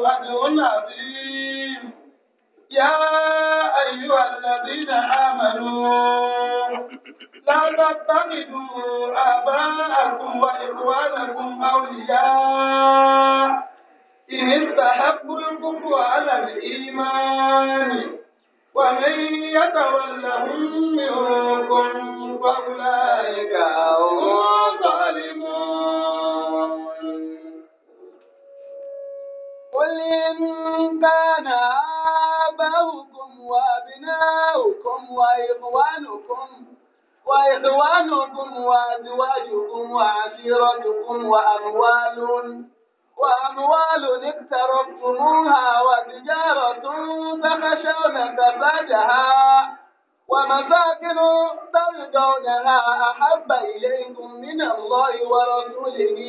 له أجر عظيم يا أيها الذين آمنوا لا تتخذوا آباءكم وإخوانكم أولياء إن استحبوا الكفر على الإيمان ومن يتولهم منكم فأولئك هم الظالمون قل إن كان وأبناؤكم وإخوانكم وإخوانكم وأزواجكم وعشيرتكم وأموال وأموال اقترفتموها وتجارة تخشون كفادها ومساكن ترضونها أحب إليكم من الله ورسوله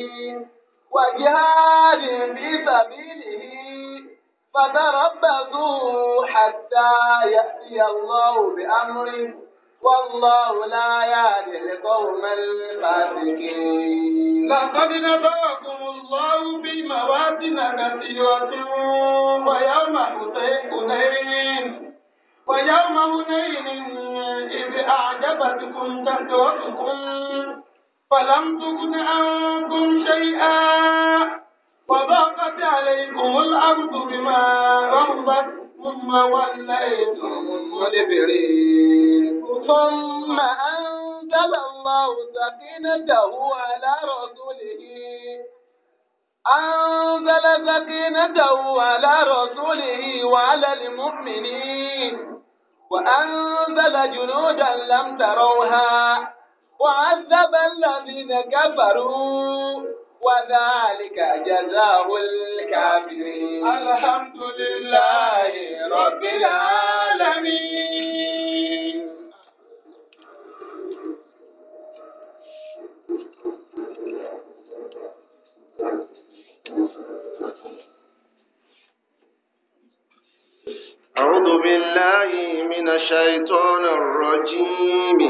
وجهاد في سبيله فتربصوا حتى يأتي الله بأمره والله لا يهدي القوم الفاسقين لقد نبأكم الله في مواسم كثيرة ويوم حنين ويوم حنين إذ أعجبتكم كثرتكم فلم تغن عنكم شيئا وضاقت عليكم الأرض بما رحبت ثم وليتم مدبرين ثم أنزل الله سكينته على رسوله أنزل سكينته على رسوله وعلى المؤمنين وأنزل جنودا لم تروها وعذب الذين كفروا وذلك جزاء الكافرين الحمد لله رب العالمين أعوذ بالله من الشيطان الرجيم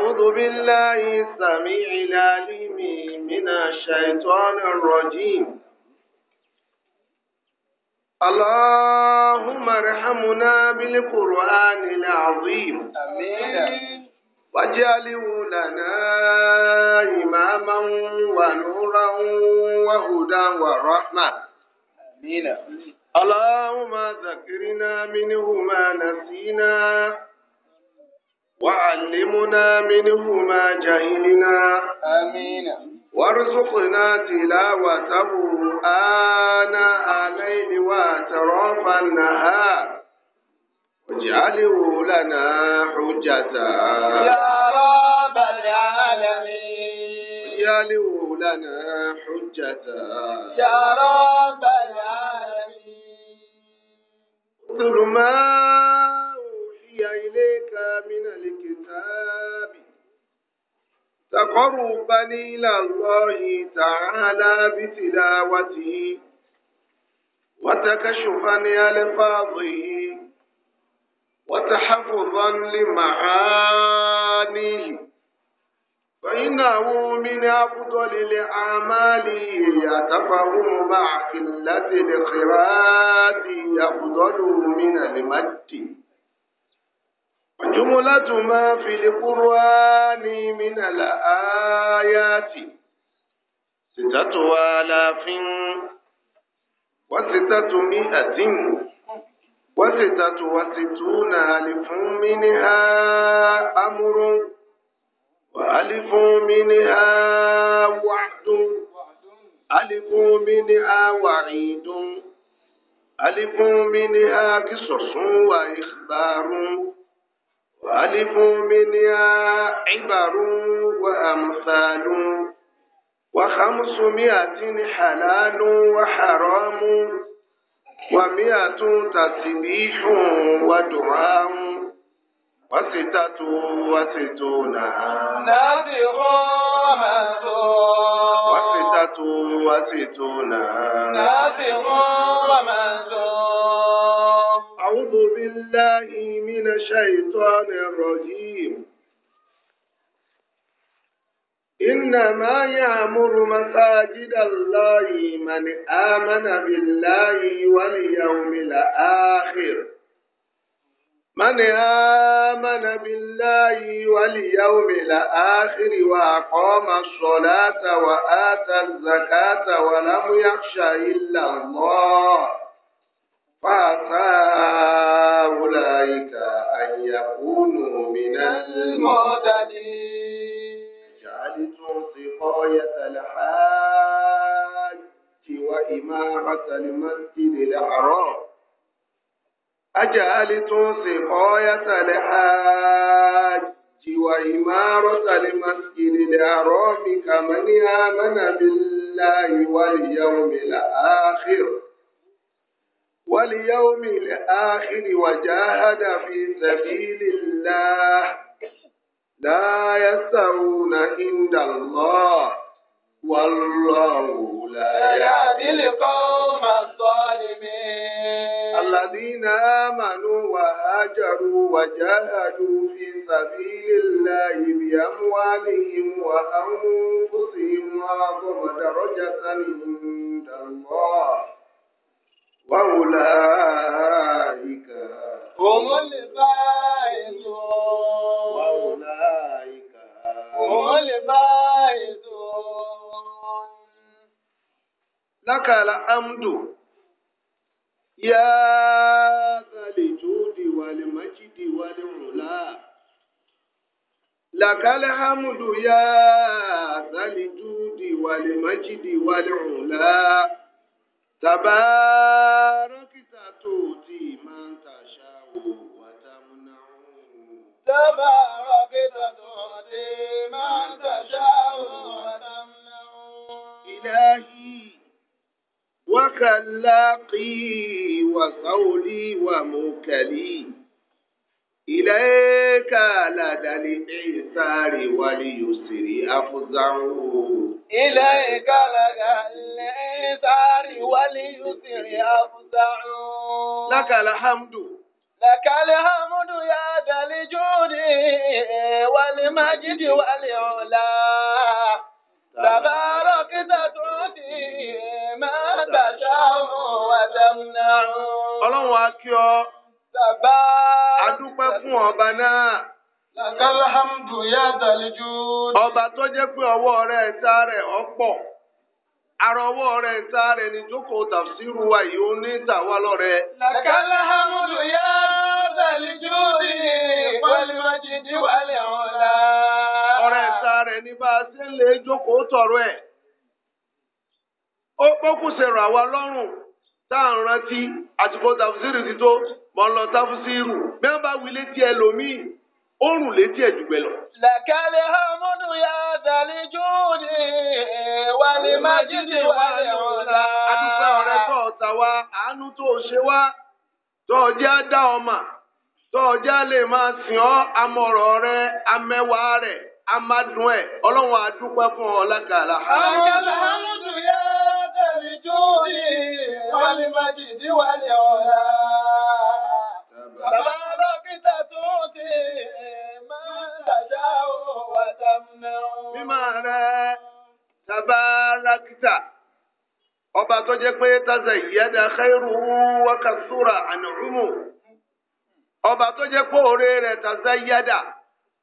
أعوذ بالله السميع العليم من الشيطان الرجيم اللهم ارحمنا بالقرآن العظيم آمين واجعله لنا إماما ونورا وهدى ورحمة آمين اللهم ذكرنا منه ما نسينا وعلمنا منه ما جهلنا آمين وارزقنا تلاوته آناء الليل وأطراف النهار واجعله لنا حجة يا رب العالمين واجعله لنا حجة يا رب العالمين ظلمات ذلك من الكتاب تقربا إلى الله تعالى بتلاوته وتكشفا ألفاظه وتحفظا لمعانيه فإنه من أفضل الأعمال يتفهم مع قلة القراءة أفضل من المد وجملة ما في القرآن من الآيات ستة آلاف وستة مئة وستة وستون ألف منها أمر وألف منها وعد ألف منها وعيد ألف منها قصص وإخبار وألف منها عبر وأمثال وخمسمائة حلال وحرام ومائة تسبيح ودعاء وستة وستون نابغامة وستة وستون نابغامة أعوذ بالله من الشيطان الرجيم إنما يأمر مساجد الله من آمن بالله واليوم الآخر من آمن بالله واليوم الآخر وأقام الصلاة وآتى الزكاة ولم يخش إلا الله فعسى أولئك أن يكونوا من المعتدين جعلتم سقاية الحاج وإمارة المسجد الحرام أجعلتم سقاية الحاج وإمارة المسجد الحرام كمن آمن بالله واليوم الآخر واليوم الآخر وجاهد في سبيل الله لا يستوون عند الله والله لا يهدي القوم الظالمين الذين آمنوا وهاجروا وجاهدوا في سبيل الله بأموالهم وأنفسهم أعظم درجة عند الله wàhùn láìka. Òun lè bá ètò. Wàhùn láìka. Òun lè bá ètò. Lákàlà Amdu, yá Kàlìjúdi wàlìmájídi wàlìmùlá. Lakal hamdu ya zal judi wal majdi wal ula تباركت تؤتي من تشاء وتمنع تباركت تؤتي من تشاء وتمنع إلهي وخلاقي وقولي وموكلي إليك لدى الإيسار واليسر أفزع إليك لدى الإيسار واليسر أفزع لك الحمد لك الحمد يا ذا الجود والمجد والعلا تبارك تعطي ما تشاء وتمنع. الله أكبر. تبارك adúpẹ́ fún ọba náà. ya Ọba tó jẹ́ pé ọwọ́ rẹ̀ ta rẹ̀ ọ̀pọ̀. Ara ọwọ́ rẹ̀ ta rẹ̀ ni jókòó tafsiru wa yìí ó ní tàwa lọ́rẹ̀. Lakalahamdu ya dalijú ni ìpalíwájú ní wàlẹ̀ ọ̀la. Ọ̀rẹ́ ta rẹ̀ ní bá a ṣe ń mọ lọ sáfúsírù bá wí létí ẹlòmíì oorun létí ẹdùgbẹ lọ. lẹ́kẹ̀lẹ́ ọmọdé ya dàlí júùdì wà ní májídì wà adúgbò ọ̀rẹ́ tó ọ̀tà wa àánú tó o ṣe wá tó ọjà dá ọmọ tó ọjà lè máa sìn ọ́ amọ̀rọ̀ rẹ amẹ́wàá rẹ̀ amádùn ẹ̀ ọlọ́run àdúpẹ́ fún ọ lákàlà. lẹ́kẹ̀lẹ́ ọmọdé الجود والمجد والعلا تباركت تؤتي من تشاء وتمنع بمعنى تباركت ọba tó jẹ́ pé tazayyada khairuhu wa kasura an'umu ọba tó jẹ́ pé oore rẹ̀ tazayyada.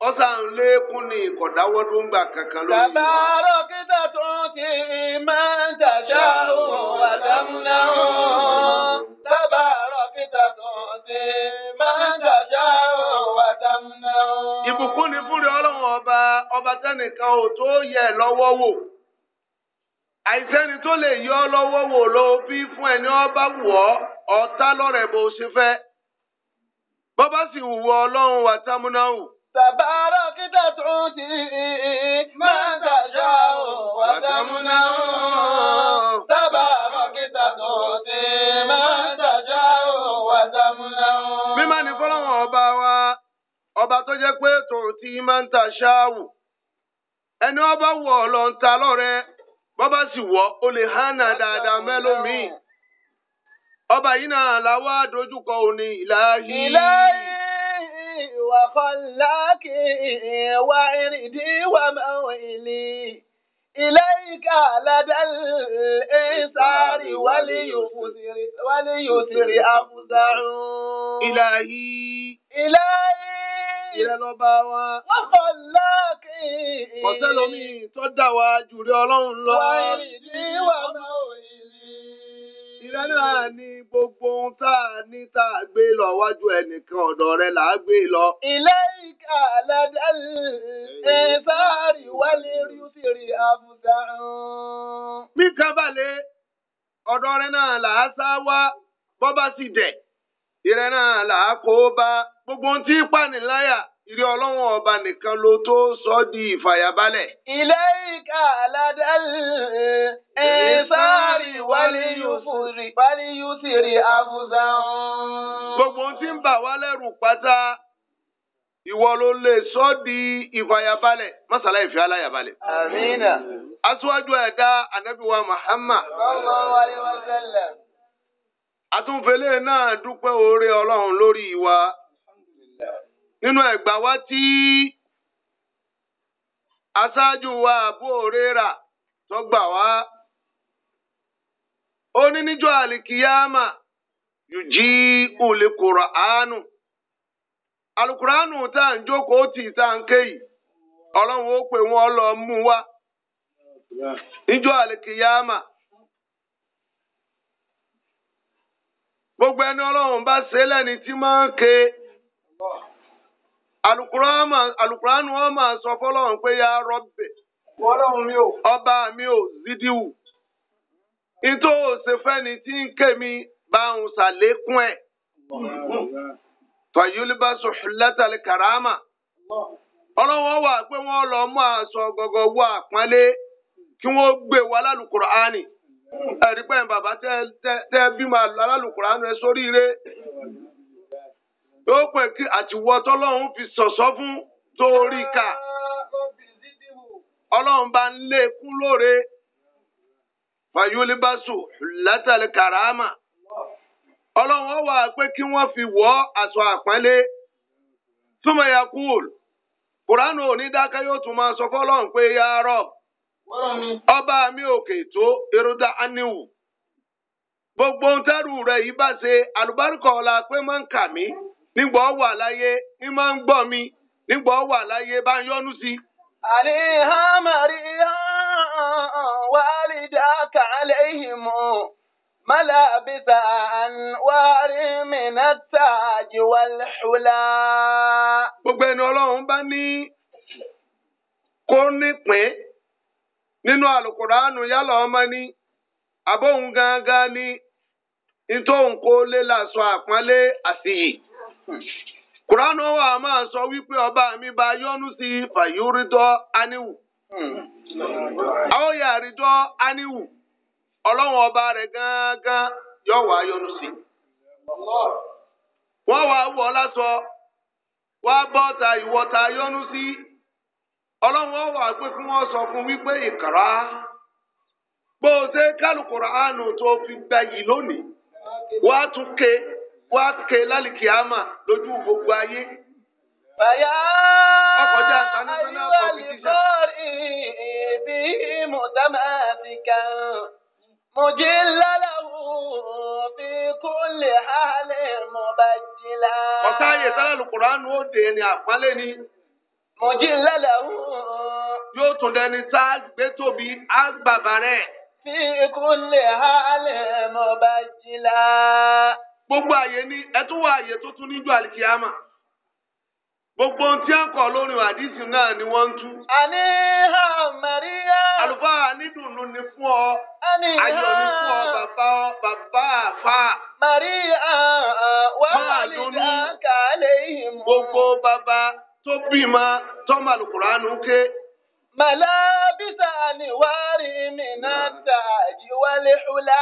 ọ̀sà ń lékún ní ìkọ̀dáwọ́dún gbà kankan lórí wa. tàbárọ̀ kíta tó ti máa ń tàṣà òun àdámúná òun. tàbárọ̀ kíta tó ti máa ń tàṣà òun àdámúná òun. ìbùkún ni ọba ọba ò tó yẹ lọ́wọ́ wò. àìsẹ́ni tó lè yọ ọ́ lọ́wọ́ wò bí fún ẹni ọba wù ọ́ ọ̀tá lọ́rẹ̀ bó ṣe bọ́bá sì wù تباركت تعطي ما تشاء وتمنع تباركت تعطي ما تشاء وتمنع mímọ́ ni fọlọ́wọ́n ọba wa ọba tó jẹ́ pé tòótì máa ń ta ṣááwù ẹni ọba wọ̀ ọ́ lọ ń ta lọ́rẹ́ bọ́bá sì wọ̀ ó lè hánà dáadáa mẹ́lòmíì ọba yìí náà làwọn àdójúkọ òní ìlàhí. ìlàhí. وخلاكي وعردي وموئلي إليك لدى الإيسار وليثر وليثر أخزع إلهي إلهي ìrẹ́ lọ bá wa. wọ́n kọ́ láàkì. kọ́sẹ́ lomi tó dà wá jùlọ ọlọ́run lọ. wàá rìn ní máa ìrẹ́lá ni gbogbo ohun tá a ní tá a gbé lọ wájú ẹnìkan ọ̀dọ̀ rẹ̀ là á gbé lọ. ilé ìka lẹ́dẹ́lì ìsáàrì wálé rí sírí àbùdá. bí kábàlẹ̀ ọ̀dọ̀ rẹ̀ náà là á sá wá bọ́ sì dẹ̀ ìrẹ́ náà là á kó bá gbogbo ohun tí pàníláyà. ìrí ọlọ́run ọba nìkan ló tó sọ di ìfàyàbalẹ̀. ilé ìka aládàlẹ̀ ẹ̀ẹ́sàárì wálíyùsìrì àfúsà. gbogbo ohun tí ń bà wá lẹ́rù pátá ìwọ ló lè sọ di ìfàyàbalẹ̀ masala ìfẹ́ amiina. aṣíwájú ẹ̀dá anabiwa Muhammad. àtúnfẹ́lẹ́ náà dúpẹ́ oore ọlọ́run lórí nínú ẹgbà wá tí aṣáájú wa àbú òrera tó gbà wá ó ní níjọ́ àlìkíyàmà yùjí òlekòrò àánú alukuraanu tá à ń jókòó tì tá à ń ké yìí ọlọ́run ó pè wọ́n lọ mú wá níjọ́ àlìkíyàmà. gbogbo ẹni ọlọ́run bá ṣe lẹ́ni tí máa ń ké. alukuraanu wọn máa sọ fọlọ́run pé ya rọ́bẹ̀ ọba mi ò zidiwu ìtò òsèfẹ́ni tí ń ké mi bá ń sàlékún ẹ̀ fàyúlíbà sùhùlẹ́tàlì kàràmà Ọlọwọ wà pé wọn lọ mú aṣọ gọ́gọ́ wọ àpọ́nlé kí wọ́n gbé wa lálùkùránì ẹ̀rí pẹ́yìn bàbá tẹ́ bímọ lálùkùránì ẹ yóò pè kí àtiwọ́ tọ́lọ́run fi sọ̀sọ́ fún torí ká ọlọ́run bá ń lé e kún lóore fàyólíbásù látàlí kàràmà ọlọ́run ó wà pé kí wọ́n fi wọ́ aṣọ àpọ́nlé túmọ̀ ya kúl kùránù onídákẹ́ yóò tún máa sọ fọlọ́run pé ya Rabb ọba mi òkè tó erudá aniwu gbogbo ohun tẹ́rù rẹ̀ yìí bá ṣe àlùbáríkọ̀ ọ̀la pé máa ń kà mí. nígbà ọ wà láyé ní máa ń gbọ́ mi nígbà ọ wà láyé bá ń yọ́nú sí. àríhá màríhá wàlídà kàlẹ́ ìhìmọ̀ málàbíta àwárí mìnàtà àjíwálẹ́hùlá. gbogbo ẹni ọlọ́run bá ní kó nínú àlùkùránù yálà ọmọ ni àbóhun ni kó lé kuranu wa ma so wípé ọba mi bá yọ́nú sí fàyórídọ aníwù àrídọ aníwù ọlọ́wọ́n ọba rẹ̀ gángan yóò wá yọ́nú wa wọ́n wá wọ̀ lásọ wá bọ́ ta ta si. wà pé fún wípé ìkàrà bó o ṣe tó fi lónìí tún ké. wá ké lálìkíámà lójú gbogbo ayé. Bàyá ọkọjá international competition. Ibi mùtàmásìkà mùjí lálàwù bí kúlẹ̀ hálẹ̀ mọ̀bàjìlá. Ọ̀sá ayé sálẹ̀ lùkùránù ó dè ní àpọ́nlé ni. Mùjí lálàwù. Yóò tún dẹni tá a gbé tóbi á gbàgbà rẹ̀. Bí kúlẹ̀ hálẹ̀ mọ̀bàjìlá gbogbo àyè ni ẹ tún àyè tó tún níjọ́ àlìkíyàmà gbogbo ohun tí kọ lórí àdìsí náà ni wọ́n ń tú. àní ha Maria. àlùfáà nídùnnú ni fún ọ. àní ha ayọ̀ ni fún ọ bàbá ọ bàbá àfà. Maria wà á lè dá kálẹ̀ yìí mọ́. gbogbo bàbá tó bímọ tọ́mọ àlùkùránù ké. màlábísà ni wàá rí mi náà tàjí wálé hùlá.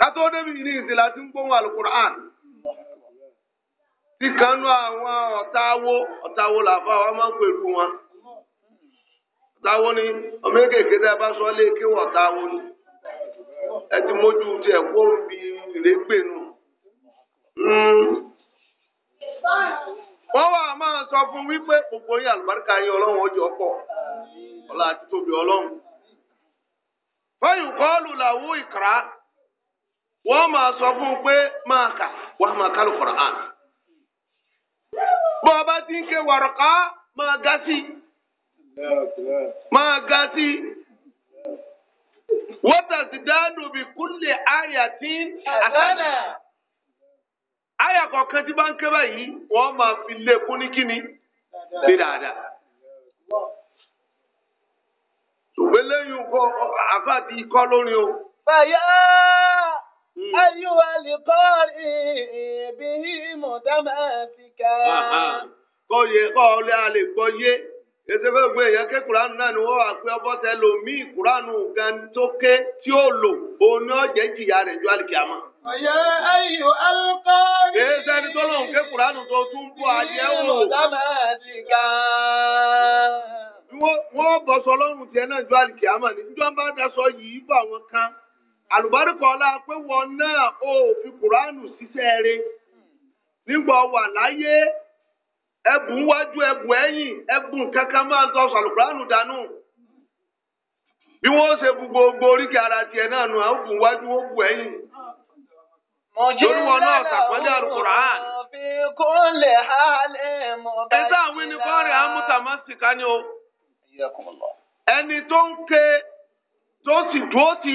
kátó débi ní ìsìn láti ń gbóhùn alukur'an tí kan nú àwọn ọ̀táwó ọ̀táwó làbá wa máa ń pèrú wọn ọ̀táwó ni ọmọ èkéèké tẹ́ ẹ bá sọ lé kí wọ́n ọ̀táwó ni ẹ ti mójú ti ẹ̀ kó bí ìrégbè nù. Hmm. wọ́n wà máa sọ fún wípé gbogbo yín àlùbáríkà yín ọlọ́run ọjọ́ pọ̀ ọlá àti tóbi ọlọ́run. fẹ́yìn kọ́ọ̀lù làwọ̀ ìkàrà. wọ́n ma sọ fún un pé máa kà wọ́n máa kálù ti ń ké wàrọ̀ká máa ga sí i máa ga sí i. wọ́tà sì dáàdù bí kúnlẹ̀ àyà tí àtàlẹ̀. àyà kọ̀ọ̀kan tí fi e ní kíni dáadáa. ṣùgbọ́n lẹ́yìn ti kọ́ o. báyọ̀. أيها القارئ به متماسكا. kọ́ yẹ kọ́ ọlẹ́ a lè gbọ́ yé ètò ìfẹ́ gbé èèyàn ké kuranu náà ni wọ́n wà pé ọbọ̀ tẹ mí kuranu gan tó ké tí ó lò òun ni ọ̀jẹ̀ jìyà rẹ̀ ju ọ̀yẹ́ ayò tó ké kuranu tó tún bọ̀ wò. ìlú sọ lọ́rùn tiẹ̀ náà ju àlùbáríkà ọlá wọn náà ó fi kùránù ṣiṣẹ́ rẹ̀ nígbà wà láyé ẹbùn wájú ẹbùn ẹ̀yìn ẹbùn kankan máa ń tọ́sọ àlùkùránù dànù bí wọ́n ṣe bu gbogbo oríkì ara tiẹ̀ náà nù àwọn wájú lórí wọn náà ẹ ni o ẹni tó ń ké tó sì dúró tì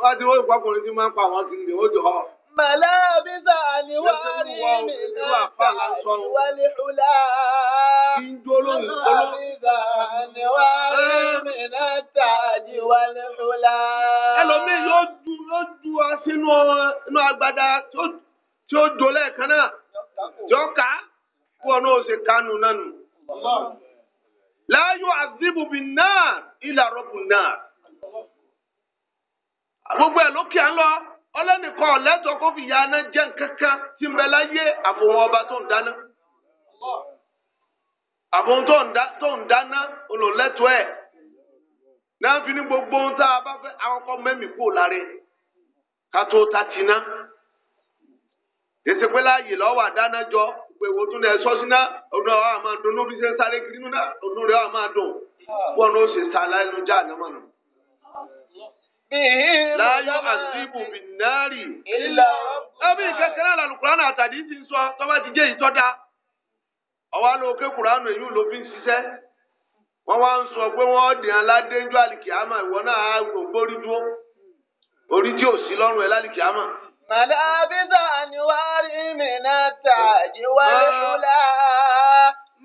wọ́n ti wọ́n ìpapòrin ti máa ń pa àwọn kiri ni ó jọ ọ́. Màlá mi sà ni wá rí mi náà fà wá lè hùlá. Kí n dúró mi sà ni wá rí mi náà tà ní wá lè Ẹlòmíì yóò ju yóò ju wa sínú inú agbada tí ó jò lẹ́ẹ̀kan náà. Jọ́ka kú ọ̀nà òsè kánú náà nù. La yu'adhibu bin nar ila rabbun nar. gbogbo ẹ̀ lókè à lọ ọlẹ́nìkan ọ̀lẹ́tọ̀ kó fi ya aná jẹ́ nkankan tí ń bẹ láyé àfòwọn ọba tó ń dáná àfòwọn tó ń dáná ẹ̀ náà fi ní gbogbo ohun tá a bá fẹ́ akọ́kọ́ mẹ́mí kú láre ká tó ta tiná jọ tún ọdún àmọ́ bí ṣe ń sáré kiri nínú ọdún rẹ̀ àmọ́ dùn fún láyọ̀ àzíbù bìnnárì. ẹbí kẹkẹrẹ àlàlù kùránù àtàdé ti ń sọ tọ́ba ti jẹ́ ìtọ́da ọwọ́ ló ké kùránù èyí wá ń sọ pé wọ́n dì án ládéjú àlìkìámà ìwọ náà á gbórí dúró orí tí ò sí lọ́rùn ẹ̀ lálìkìámà. màlábísà ni wàá rí mi náà tàjí wáyé kúlá.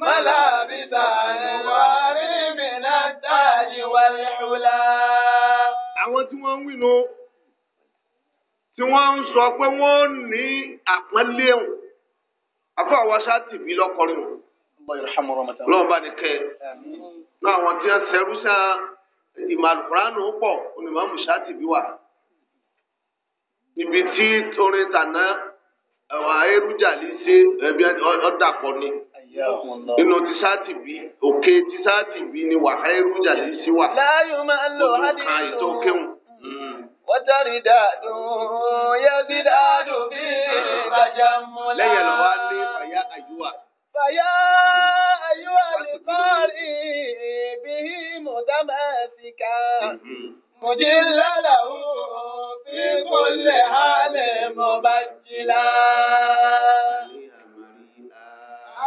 ملابسا وارم من التاج والعلا àwọn tí wọ́n ń wí nu tí wọ́n ń sọ pé wọ́n ní àpọ́nlé wọn afọ àwọn aṣá tì mí lọ́kọrin wọn. lọ́wọ́ bá ní kẹ́ ẹ̀ náà àwọn tí wọ́n ṣẹrú sá ìmọ̀ pọ̀ onímọ̀ọ́mù ṣá tì mí wà. ibi tí orin tàná àwọn eérújà ṣe ẹ̀bí ọ̀dàpọ̀ ni nínú ti sáàtì bí òkè ti ni bí ni wàhálà irújà yìí sí wà. láyò máa ń lò hádìí. ojú kan ètò kéwù. wọ́tàrí dàdùn yẹ́sí dàdùn bí ìtajà múlá. lẹ́yìn lọ́wọ́ á lé fàyà àyùwà. fàyà àyùwà lè bí mùtàmásìkà. mùjìlá làwọn fi kúnlẹ̀ hálẹ̀ mọ́bàjìlá.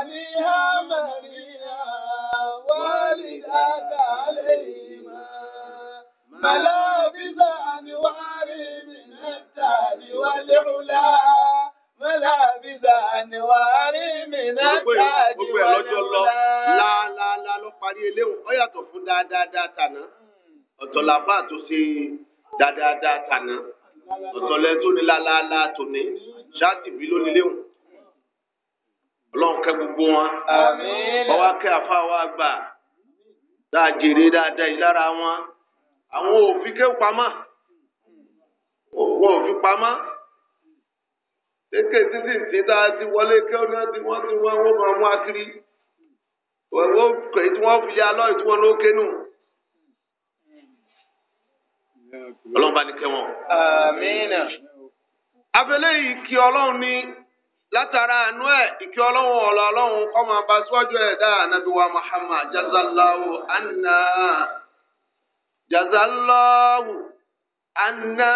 عليها مريا ولذاك عليهما ملابس أنوار من التاج والعلا ملابس أنوار من التاج والعلا لا لا لا ló parí eléhùn ó yàtọ̀ fún dáadáa tàná ọ̀tọ̀ làbá tó ṣe dáadáa tàná ọ̀tọ̀ lẹ́tọ́ ní lálálá tòní ṣáàtì bí lóníléhùn ọlọ́run gbogbo wọn. ọwọ́ kẹ́ àfa gbà dáa jèrè dáadáa yìí lára wọn. àwọn òfin kéwù pamọ́ wọn ò fi pamọ́ títí tí tá ti wọlé kéwù náà tí wọ́n ti wọ́n wọ́n máa mú akiri. wọ́n kọ̀ tí wọ́n fi yá lọ́ọ̀ tí wọ́n ló kénú ọlọ́run bá ní kẹ́ wọn. àmín. yìí kí ọlọ́run ní látara àánú ẹ ìkí ọlọ́run ọ̀la ọlọ́run ọmọ ọba síwájú ẹ̀dá ànábì wa Muhammad jazallahu anna jazallahu anna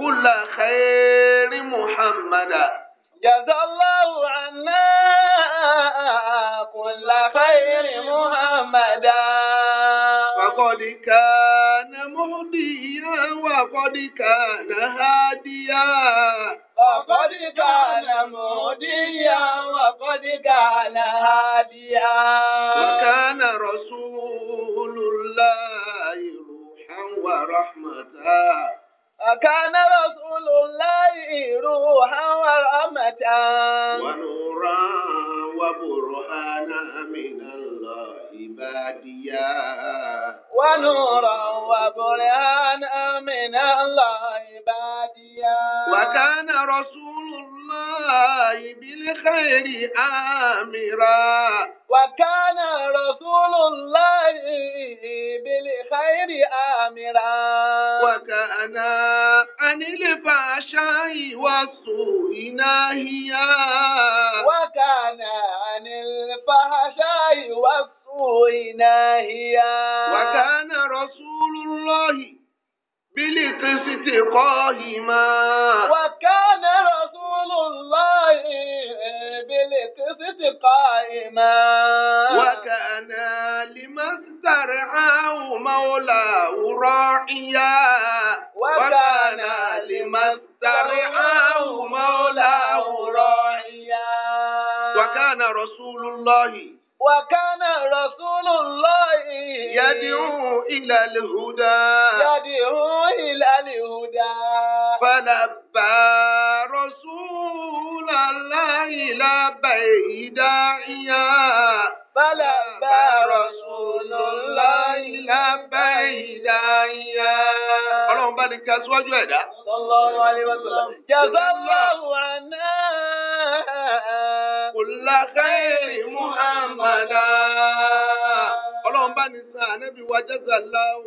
kulla khairi Muhammada jazallahu anna kulla khairi Muhammada. فقد كان مهديا وقد كان هاديا وقد كان مهديا وقد كان هاديا وكان رسول الله روحا ورحمة وكان رسول الله روحا ورحمة ونورا وبرهانا من الله باديا ونورا وبرهانا رسول الله بالخير آمرا وكان رسول الله بالخير آمرا وكان عن الفحشاء والسوء ناهيا وكان عن الفحشاء والسوء ناهيا وكان رسول الله بالقسط قائما وكان رسول الله بالقسط قائما وكان لمن زرعه مولاه راعيا وكان لمن زرعه مولاه راعيا وكان رسول الله وكان رسول الله يدعو إلى الهدى يدعو إلى الهدى فلبى رسول الله لبيه داعيا فلبى رسول الله لبيه داعيا ọlọ́run bá ní صلى الله عليه وسلم. alaihi wasallam. jazallahu anna. kò وجزى الله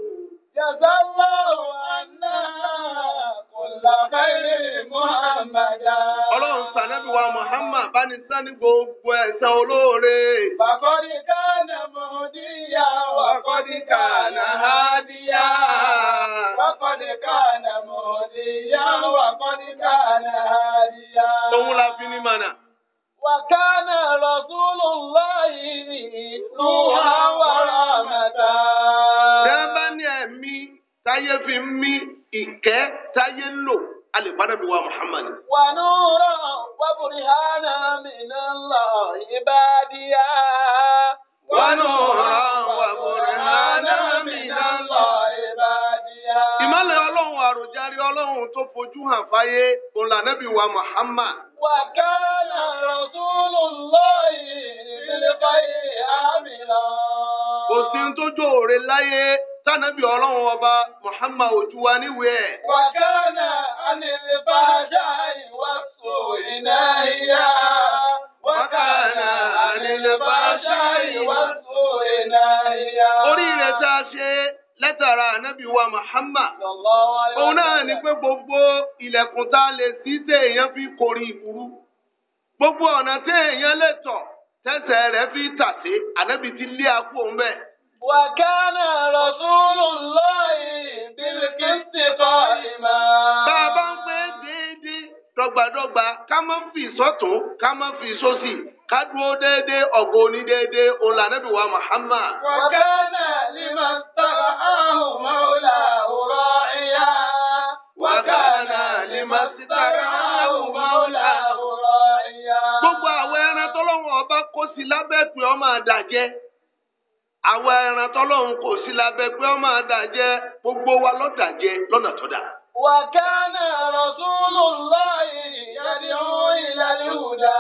ọlọ́run sànẹ́bí wa muhammad bani sani gbogbo ẹ̀sán olóore. bàkọ́dí kàánà mọ̀ọ́díyà bàkọ́dí kàánà hádíyà. bàkọ́dí kàánà mọ̀ọ́díyà bàkọ́dí kàánà hádíyà. òun la fi ní mànà. وكان رسول الله نوحا ورحمة dábàá ní ẹ̀mí táyé fi ń mí ìkẹ́ táyé lò alìpàdánù wa Muhammad. wà núrà wà bùrìhánà mìíràn lọ ìbàdíyà. wà núrà wà bùrìhánà mìíràn lọ ìbàdíyà. ìmọ̀lẹ̀ ọlọ́run tó fojú hàn fáyé òun lànàbí wa Muhammad. wa kana rasulullahi bil khayri amila. kò sí ní tójú òòrè láyé sanabi ọlọ́run ọba Muhammad ojú wa níwèé ẹ̀. wa kana anil fahsha'i was-su'i nahiya. wa kana anil fahsha'i was-su'i nahiya. orí rẹ̀ tá a ṣe látara ànábì wa Muhammad òun náà ni pé gbogbo ilẹ̀kùn tá a lè sí téèyàn fi kórìí ìbúrú gbogbo ọ̀nà téèyàn lè tọ̀ tẹsẹ̀ rẹ̀ fi tàsé ànábì ti lé akú òun bẹ́ẹ̀. wa kana rasulullahi bil qisti qa'ima. bá a bá ń pẹ́ déédéé dọ́gbadọ́gba ká má fi sọ́tún ká má fi sósì. kádùn ó déédé ọ̀gọ́ òní déédé òun là wa Muhammad. wàkánà lima sábà áhùn mọ́ọ́lá òrọ̀ ìyá. wàkánà lima ìyá. gbogbo àwọn ẹran tọ́lọ́wọ́n ọba kó sí lábẹ́ pé máa àdàjẹ́ àwọn ẹran sí lábẹ́ pé gbogbo wa lọ́dàjẹ́ lọ́nà وكان رسول الله يدعو إلى الهدى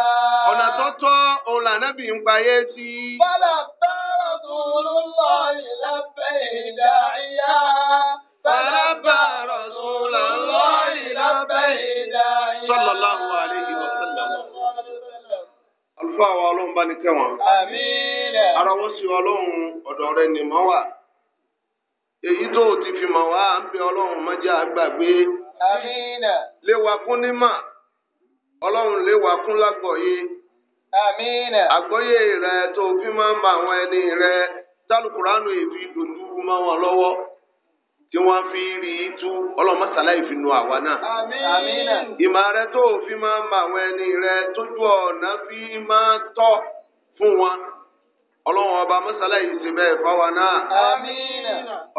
ọ̀nà tó tọ́ òun lànàbì ń payé sí. فلبى رسول الله لبيه داعيا فلبى رسول الله لبيه داعيا صلى الله عليه وسلم. àlùfáà wa ọlọ́run bá ní kẹ́wọ̀n. àmín. ara wọn sí ọlọ́run ọ̀dọ̀ rẹ̀ ni mọ́ wà. èyí tó o ti fi mọ̀ wá ń bẹ ọlọ́run mọ́jà gbàgbé. àmínà. léwa kún ní mà ọlọ́run léwa kún lágbọ̀ọ́yé. àmínà. àgbọ́yé rẹ tó fi máa ń bá àwọn ẹni rẹ tálùkùránù èfi dòdú mọ́ wọn lọ́wọ́ tí wọ́n fi rí i tú ọlọ́mọ́sálá ìfinu àwa náà. àmínà. ìmọ̀ rẹ tó fi máa ń bá àwọn ẹni rẹ tójú ọ̀nà fi máa tọ́ fún wọn. ọlọ́wọ́n ọba mọ́sálẹ̀ yìí ṣe bẹ́ẹ̀ fáwa náà.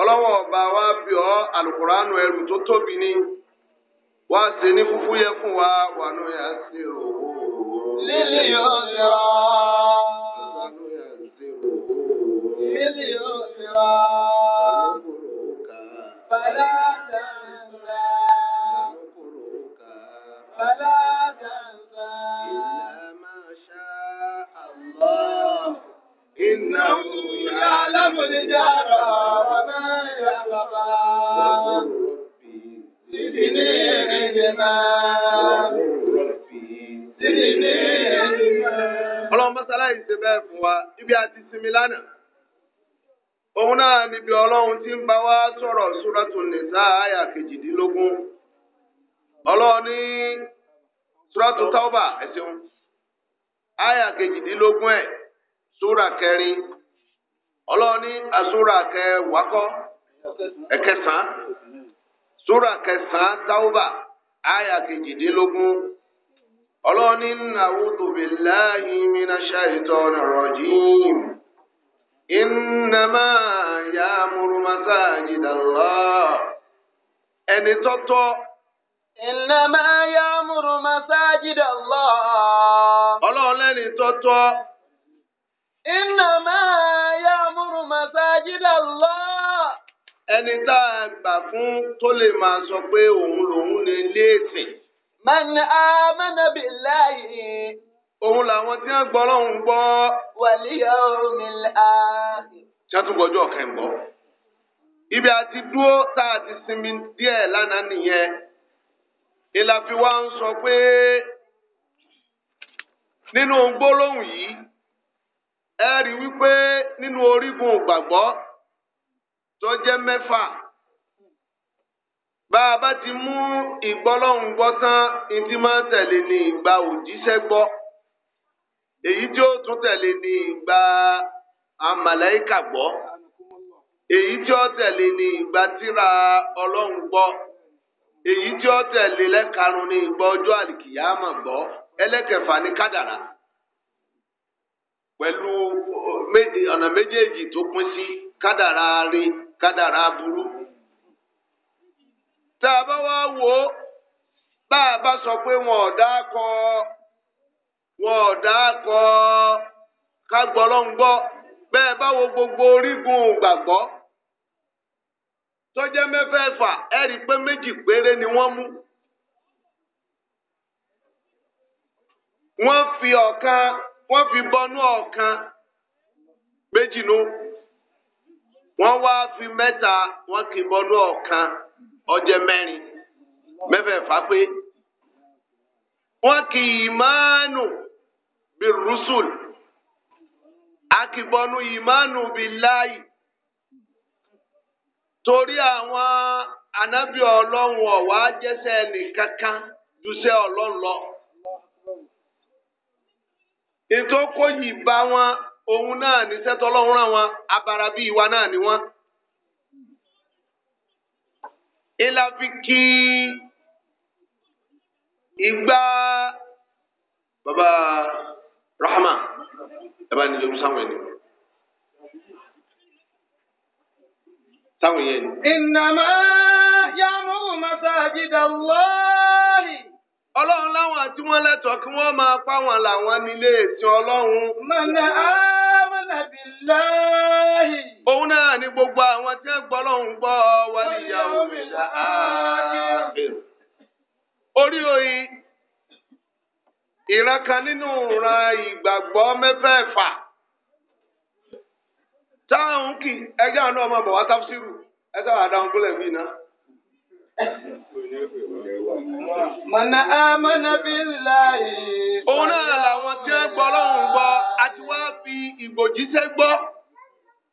ọlọ́wọ́n ọba wa bí ọ alukóránù ẹrù tó tóbi ni wá ṣe ní fúfú yẹ fún wa wà ló yà sí o. lílì yóò ṣe lílì yóò ṣe rà. bàlá tẹ̀lé rà. إنه يعلم الجهر وما يخفى زدني علما زدني علما ọlọ́run mọ́sálá yìí ṣe bẹ́ẹ̀ fún wa ibi àti sinmi lánàá. òun náà níbi ọlọ́run tí ń bá wa sọ̀rọ̀ súrọ́tù nìsá àyà kejìdínlógún. ọlọ́run ní súrọ́tù táwọ́bà ẹ̀sìn àyà kejìdínlógún ẹ̀. súra kẹrin ọlọ́ọ̀ni asúra kẹwàkọ́ ẹ̀kẹsàn-án kẹsàn-án táwùbà kejìdínlógún ọlọ́ọ̀ni Nna billahi minash shaitani rajim. إنما يأمر مساجد الله ẹni tọ́tọ́. إنما يأمر مساجد الله. tọ́tọ́ Innama ya'muru masajid Allah. Ẹni tá a gbà fún tó lè máa sọ pé òun lòun lè léèsìn. Man amana billahi. Òun làwọn tí wọ́n gbọ́ lọ́hùn gbọ́. Wal yawmil akhir. Ṣátúgbọ́jọ́ ọ̀kẹ́ ń bọ̀. Ibi àti dúró tá a ti sinmi díẹ̀ lánàá nìyẹn. Ìlà fi ń sọ pé nínú gbólóhùn yìí. ẹ wípé nínú orígun ìgbàgbọ́ tó jẹ́ mẹ́fà bá a bá ti mú ìgbọ́lọ́hún gbọ́ tán ìdí máa ń tẹ̀lé ní ìgbà òjíṣẹ́ gbọ́ èyí tí ó tún tẹ̀lé ní ìgbà àmàlẹ́kà gbọ́ èyí tí ó tẹ̀lé ní ìgbà tíra ọlọ́hun gbọ́ pẹ̀lú ọ̀nà méjèèjì tó pín sí kádàrá rí kádàrá burú. tá a bá wá wò ó bá a bá sọ pé wọn ò dá kọ wọn ò dá kọ ká gbọ́lọ́ ń gbọ́ bẹ́ẹ̀ báwo gbogbo orígun gbàgbọ́ tọ́jẹ́ mẹ́fẹ̀ẹ̀fà ẹ rí i pé méjì péré ni wọ́n mú. wọ́n fi ọ̀kan. wọ́n fi bọ́nú ọ̀kan méjì nù wọ́n wá fi mẹ́ta wọ́n kì í bọ́nú ọ̀kan ọjẹ́ mẹ́rin mẹ́fẹ̀ẹ̀fà pé wọ́n kì í ìmánu bí rúṣùl akìbọnú ìmánu bí láàyè torí àwọn anábì ọlọ́run ọ̀wá jẹ́sẹ̀ nìkankan jùṣẹ́ ọlọ́run lọ. ìtòkó yìí bá wọn òun náà ní sẹ́tọ́ ọlọ́run rán wọn abara bíi wa náà ni wọ́n. ìlà fi kí ìgbà baba rahma ẹ ni nílò sáwọn ẹni. sáwọn yẹn ni. innama ya'muru masajida Allahi. ọlọ́run láwọn àti wọ́n lẹ́tọ̀ọ́ kí wọ́n máa pa wọn làwọn nílé ètò ọlọ́run. mọ̀nà ámọ̀nàbí láàyè. òun náà ni gbogbo àwọn tí wọ́n gbọ́ ọlọ́run gbọ́ wà níyàwó mi láàyè. orí oyin ìran kan nínú ìran ìgbàgbọ́ mẹ́fẹ̀ẹ̀fà táwọn kì ẹgbẹ́ àwọn ọmọ bọ̀ wá tafsiru ẹ sábà dáhùn gbọ́lẹ̀ mí náà. Mọ̀nà ámọ́nà bí láàyè. Òun náà làwọn tí wọ́n gbọ́ lọ́hùn gbọ́, a ti wá fi ìgbòjíṣẹ́ gbọ́,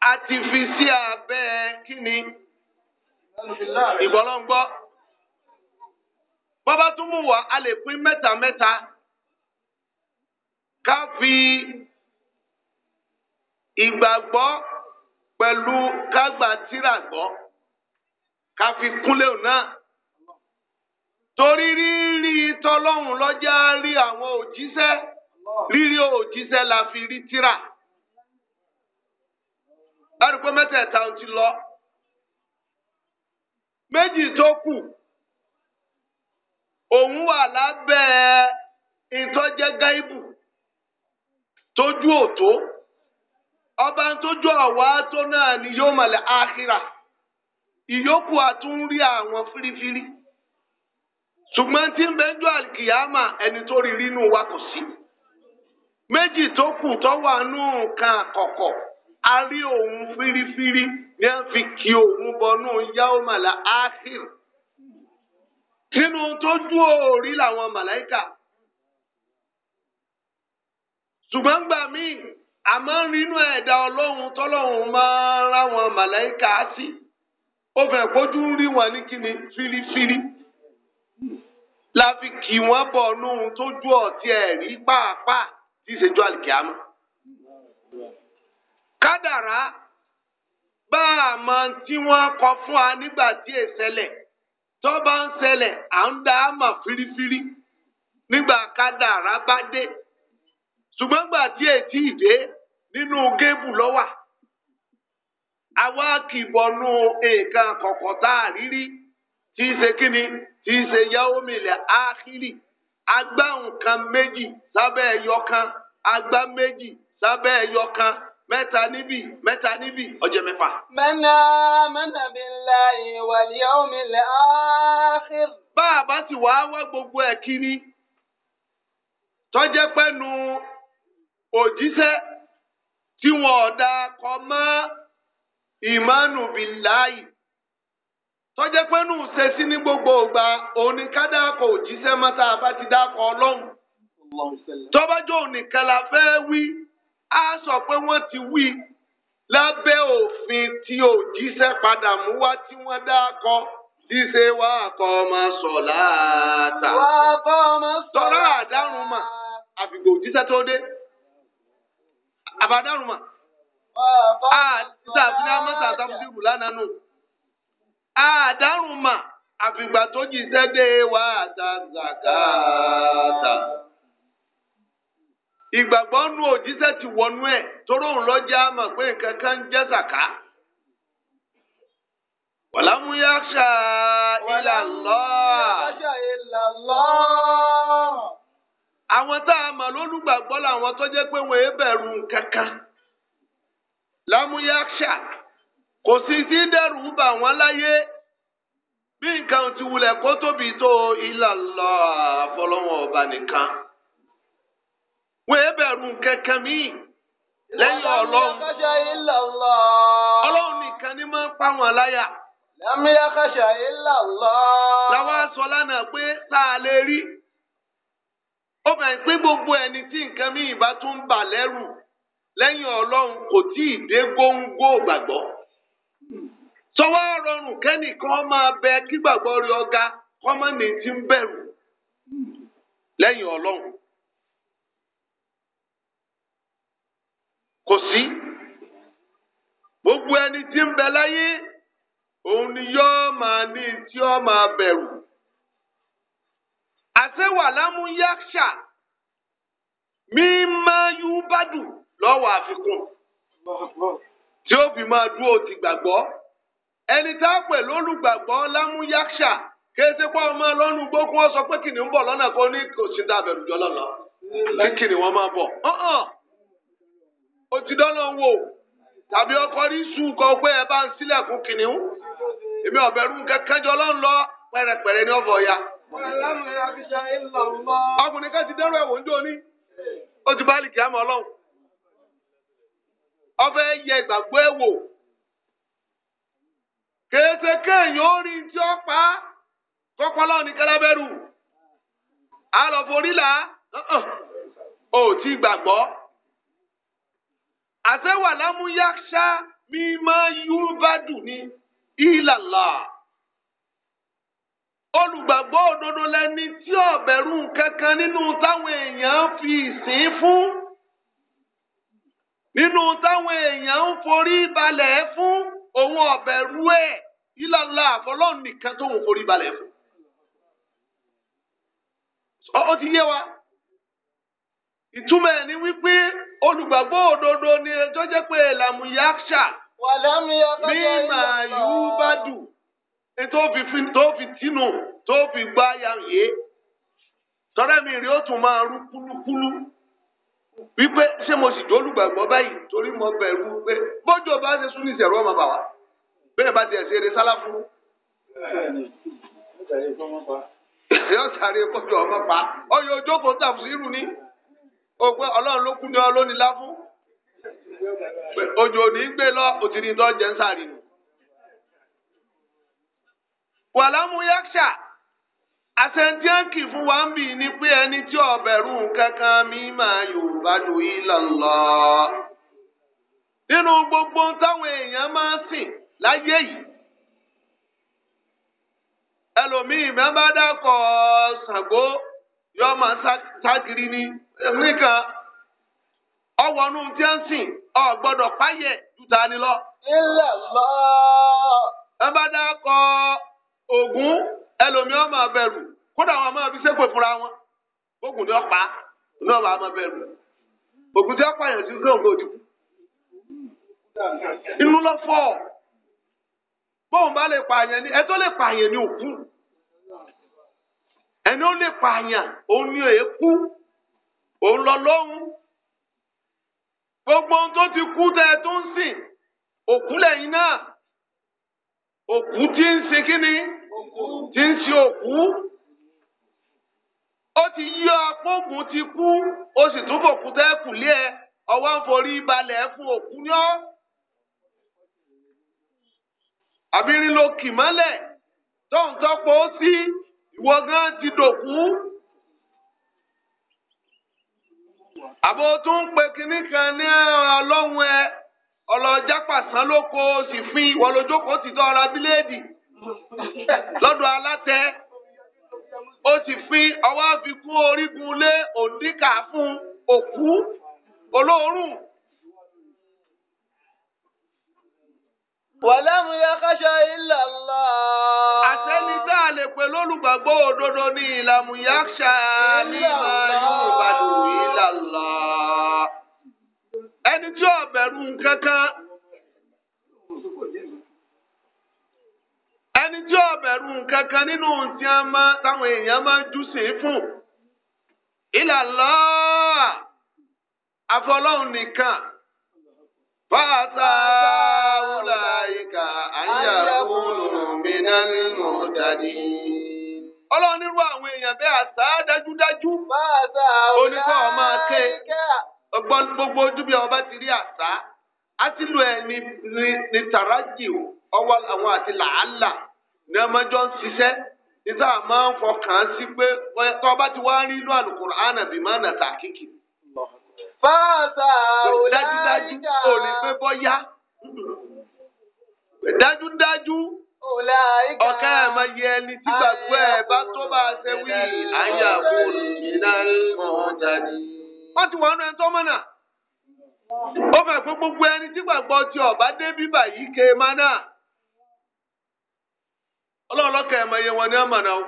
a ti fi sí abẹ́ kíni? Ìgbọ́ lọ́hùn gbọ́. Bọ́bá tún mú wá, a lè pín mẹ́ta mẹ́ta. Ká fi ìgbàgbọ́ pẹ̀lú kágbà tírà gbọ́. Ká fi kúnlẹ̀ náà. torí rírí tọlọ́hún lọ́jà rí àwọn òjíṣẹ́ rírí òjíṣẹ́ la fi rí tíra ta mẹ́tẹ̀ẹ̀ta ti lọ méjì tó kù òun wà lábẹ́ ìtọ́jẹ́ gáíbù tójú òtó ọba tójú ọ̀wá tó náà ni yóò mọ̀lẹ́ àkírà ìyókù àtúnrí àwọn fírífírí. ṣùgbọ́n tí ń bẹ́jọ́ àkìyàmà ẹni tó rí rínú wa kò sí. méjì tó kù tó wà nù kan àkọ́kọ́ a rí òun fírífírí ní a fi kí òun bọnú yáwó màlá áhìr. nínú tó jú òórí làwọn màláìkà. ṣùgbọ́n gbà míì àmọ́ rínú ẹ̀dá ọlọ́run tọ́lọ́run máa ń ráwọn màláìkà á sí. ó fẹ́ kójú rí wọn ní kíni fírífírí láfi kì wọ́n bọ̀ nù tójú ọ̀tí ẹ̀rí pàápàá tí ìṣèjọ́ àlìkíámù. kádàrá bá a mọ tí wọ́n kọ fún wa nígbà tí èsẹlẹ̀ tó bá ń ṣẹlẹ̀ à ń dá a mọ̀ fírífírí nígbà kádàrá bá dé ṣùgbọ́n gbà tí ètí ìdé nínú gébù lọ́wà àwa kìbọnú èèkàn kọ̀kọ̀ tá a rírí tí í ṣe kí ni tí í ṣe yawomilẹ̀ áhírì agbá nǹkan méjì sábẹ́ ẹyọ kan agbá méjì sábẹ́ ẹyọ kan mẹ́ta níbí mẹ́ta níbí ọjọ́ mẹ́fà. mẹ́nà mẹ́nà billahi wal yawmil akhir. bá a bá ti wàá wá gbogbo ẹ̀ kiri tọ́jẹ́ pẹ́nu òjíṣẹ́ tí wọn ò dáa kọ́ mọ́ ìmánu billahi tọ́jẹ́ pé nù ṣe sí ní gbogbo ìgbà òní ká dákọ̀ òjíṣẹ́ mọ́ta bá ti dákọ̀ ọlọ́run tọ́bájọ́ ònìkan la fẹ́ wí á sọ pé wọ́n ti wí lábẹ́ òfin tí òjíṣẹ́ padà mú wá tí wọ́n dákọ̀ ṣíṣe wá àkọ́ ọmọ sọ̀lá ta tọ́lá àdárùn mà àfìgbò òjíṣẹ́ tó dé àbádárùn mà àti sàfihàn mọ́ta sáfìdìrù lánàá nù. àdárùn mà àfìgbà tó jíṣẹ́ dé wà àtà zakata. ìgbàgbọ́ nu òjíṣẹ́ ti wọnú ẹ̀ torí òun lọ́jà pé nǹkan kan ń jẹ́ zàká. wàlámù ṣá ilà Allah. àwọn tá a mọ̀ lólùgbàgbọ́ làwọn tó jẹ́ pé wọ́n ẹ kò sí tí ń dẹrù bà wọ́n láyé bí nǹkan ti wulẹ̀ kó tóbi tó ilà lọ àfọlọ́wọ́n ọba nìkan wọ́n ẹ bẹ̀rù kankan míì lẹ́yìn ọlọ́run ọlọ́run nìkan ni máa ń pa wọ́n láyà. lámìyá kàṣà ilà lọ. làwọn aṣọ lánàá pé tá a lè rí ó bẹ̀rẹ̀ pé gbogbo ẹni tí nǹkan míì bá tún bà lẹ́rù lẹ́yìn ọlọ́run kò tí ì dé góńgó gbàgbọ́. sọwọ́ rọrùn kẹ́nìkan máa bẹ kígbàgbọ́ rí ọ̀gá kọ́mọ́nì tí ń bẹ̀rù lẹ́yìn ọlọ́run kò sí gbogbo ẹni tí ń bẹ láyé òun ni yóò máa ní tí ó máa bẹ̀rù àṣewà lámúyáṣà mímá yúbádù lọ́wọ́ àfikún tí ó fi máa dúró ti gbàgbọ́. ẹni tá a pè lólùgbàgbọ́ lámúyáṣà kété ọmọ lọ́nu sọ pé kìnìún bọ̀ lọ́nà kan ní kò sí dábẹ̀rù jọ kí kìnìún wọn máa bọ̀ ó ti wò tàbí ọkọ rí sùn bá ń kìnìún èmi ọ̀bẹ̀rù lọ́n lọ pẹ̀rẹ̀pẹ̀rẹ̀ ní ọ̀fọ̀ ya. ọkùnrin kan ti dẹ́rù ó ti bá ọlọ́run yẹ kèése kéèyàn ó tí ó pa á kọ́pọ́lọ́ ní kẹlẹ́bẹ́rù àlọ́forílà uh-uh. ò tí gbàgbọ́ àtẹ̀wà lámúyáṣá mímọ́ yúrúbádù ní ìlàlá olùgbàgbọ́ òdodo lẹni tí ó bẹ̀rù kankan nínú táwọn èèyàn fi ìsìn fún nínú táwọn èèyàn ń forí balẹ̀ fún. òun ọbẹ rú ẹ̀ ìlànà àfọlọ́run nìkan tó wọn forí balẹ̀ fún. ó ti yé wa ìtumọ̀ ẹ̀ ni wípé olùgbàgbọ́ òdodo ni ẹjọ́ jẹ́ pé ẹ̀làmù yaksha mímà yúbádù tó fi fi tó fi tínú tó fi gbá yàrá yé tọ́lẹ́mì ó tún máa rú kúlúkúlú. wípé ṣé mo sì jólùgbàgbọ́ báyìí torí mo bẹ̀rù pé bójú ọba ṣe sún ní ìṣẹ̀rù ọmọ bàwá bẹ́ẹ̀ bá tiẹ̀ ṣe eré sáláfù. yóò sáré kójú ọmọ pa ọyọ ojókòó tàfsírù ni òpin ọlọ́run ló kú ní ọ lónìí láfú òjò ní gbé lọ òtítì tó jẹ́ ń sáré wàlámù yákṣà. àtẹ̀jẹ́ǹkì fún wa ń bì ní pé ẹni tí ọ̀bẹ̀rù kankan mi yorùbá lò yí lọ́lọ́. nínú gbogbo táwọn èèyàn máa ń láyé yìí Elomi mẹ́bàdàkọ̀ yóò máa ní nìkan ọwọ́nú tí ń sìn ọ páyẹ̀ júta ni lọ. ilẹ̀ mẹ́bàdàkọ̀ ẹlòmíràn máa bẹ̀rù kódà wọn máa fi ṣépè fúnra wọn ogun tí wọn pa náà máa máa bẹ̀rù ogun tí wọn pa yẹn sí gbọǹgbò òdìbò inú lọ fọ bóun bá lè pààyàn ni ẹ tó lè pààyàn ni òkú ẹni ó lè pààyàn òun ni èékú òun lọ lóhùn gbogbo ohun tó ti kú tẹ ẹ tó ń sìn òkú lẹ́yìn náà òkú tí ń sin kí ni tí ń ti òkú ó ti yí ọpọ́ògùn ti kú ó sì tún fòkú tẹ́kù lé ẹ ọwọ́ ń forí balẹ̀ fún òkú ní ọ́ àbírin ló kì mọ́lẹ̀ tó ń tọ́pọ̀ ó sí ìwọ gan ti dòkú. àbò tó ń pe kinní kan ní ọlọ́run ẹ ọlọ́jà pàṣán lóko sì fún ìwọ lójókòó ti tọ́ ara bíléèdì lọ́dọ̀ alátẹ ó ti fi ọwọ́ fi kún orígun lé òǹdíkà fún òkú olóòórùn. wàlámù ya káṣá ilà ńlá. tá a lè pè lólùgbàgbọ́ òdodo ní ìlàmù ya ṣá ní máa yóò bá dùn ilà ẹni tí ó bẹ̀rù nǹkan kan. ẹni tí bẹ̀rù nǹkan kan nínú ohun tí a máa táwọn èèyàn máa ń fún ìlàlá àfọlọ́hún nìkan fàtà wúlà ìkà àyàwó lòmìnà nínú dàdí. ọlọ́run nírú àwọn èèyàn bẹ́ẹ̀ àṣà dájúdájú onífọ̀ ké ọgbọ́n gbogbo ojú ọba ti rí àṣà á ti ẹ̀ ní tàrájì ọwọ́ àwọn àti ní ọmọjọ́ ń ṣiṣẹ́ máa ń fọkàn sí pé tó ti wá rí inú Al-Qur'an máa nà tàkìkì. fáàtà dájúdájú ò pé bọ́yá dájúdájú ọ̀ká ẹ̀ máa yẹ ẹni tí ẹ̀ bá tó bá a ṣe wí àyàwó wọ́n ti wọ́n ó fẹ́ gbogbo ẹni ti ọ̀bá dé ọlọ́ọ̀lọ́kà ẹ̀mọ iye wọn ní àmàna o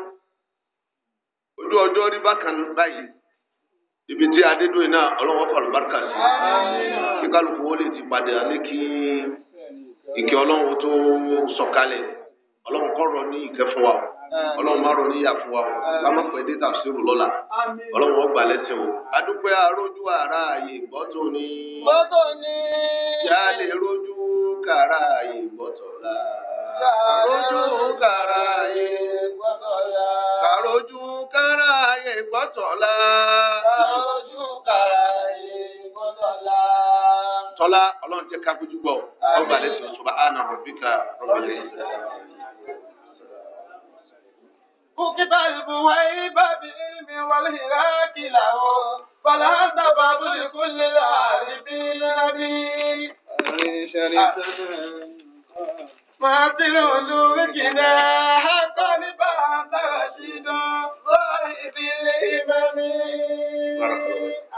ojú ọjọ́ rí bákan báyìí ibi tí adédọ́yìn náà ọlọ́wọ́ fà lùbáríkà sí kí kálukú wọlé ti padà ní kí ìkẹ́ ọlọ́run tó sọ̀kalẹ̀ ọlọ́run kọ́ rọ ní ìkẹ́ fún wa o ọlọ́run ní ìyà fún wa ká má pẹ́ dé lọ́la ọlọ́run ara gbọ́tò gbọ́tò ìyá lè karojú kara ayé gbọ́tọ̀lá. karojú kara kara tọ́lá ọlọ́run ká gbójú gbọ́ Bukita ibu wa iba bi ilmi wal hiraki lahu. Fala tababu ماطل ملوكنا حقا بات رشيدا ضارب الإمام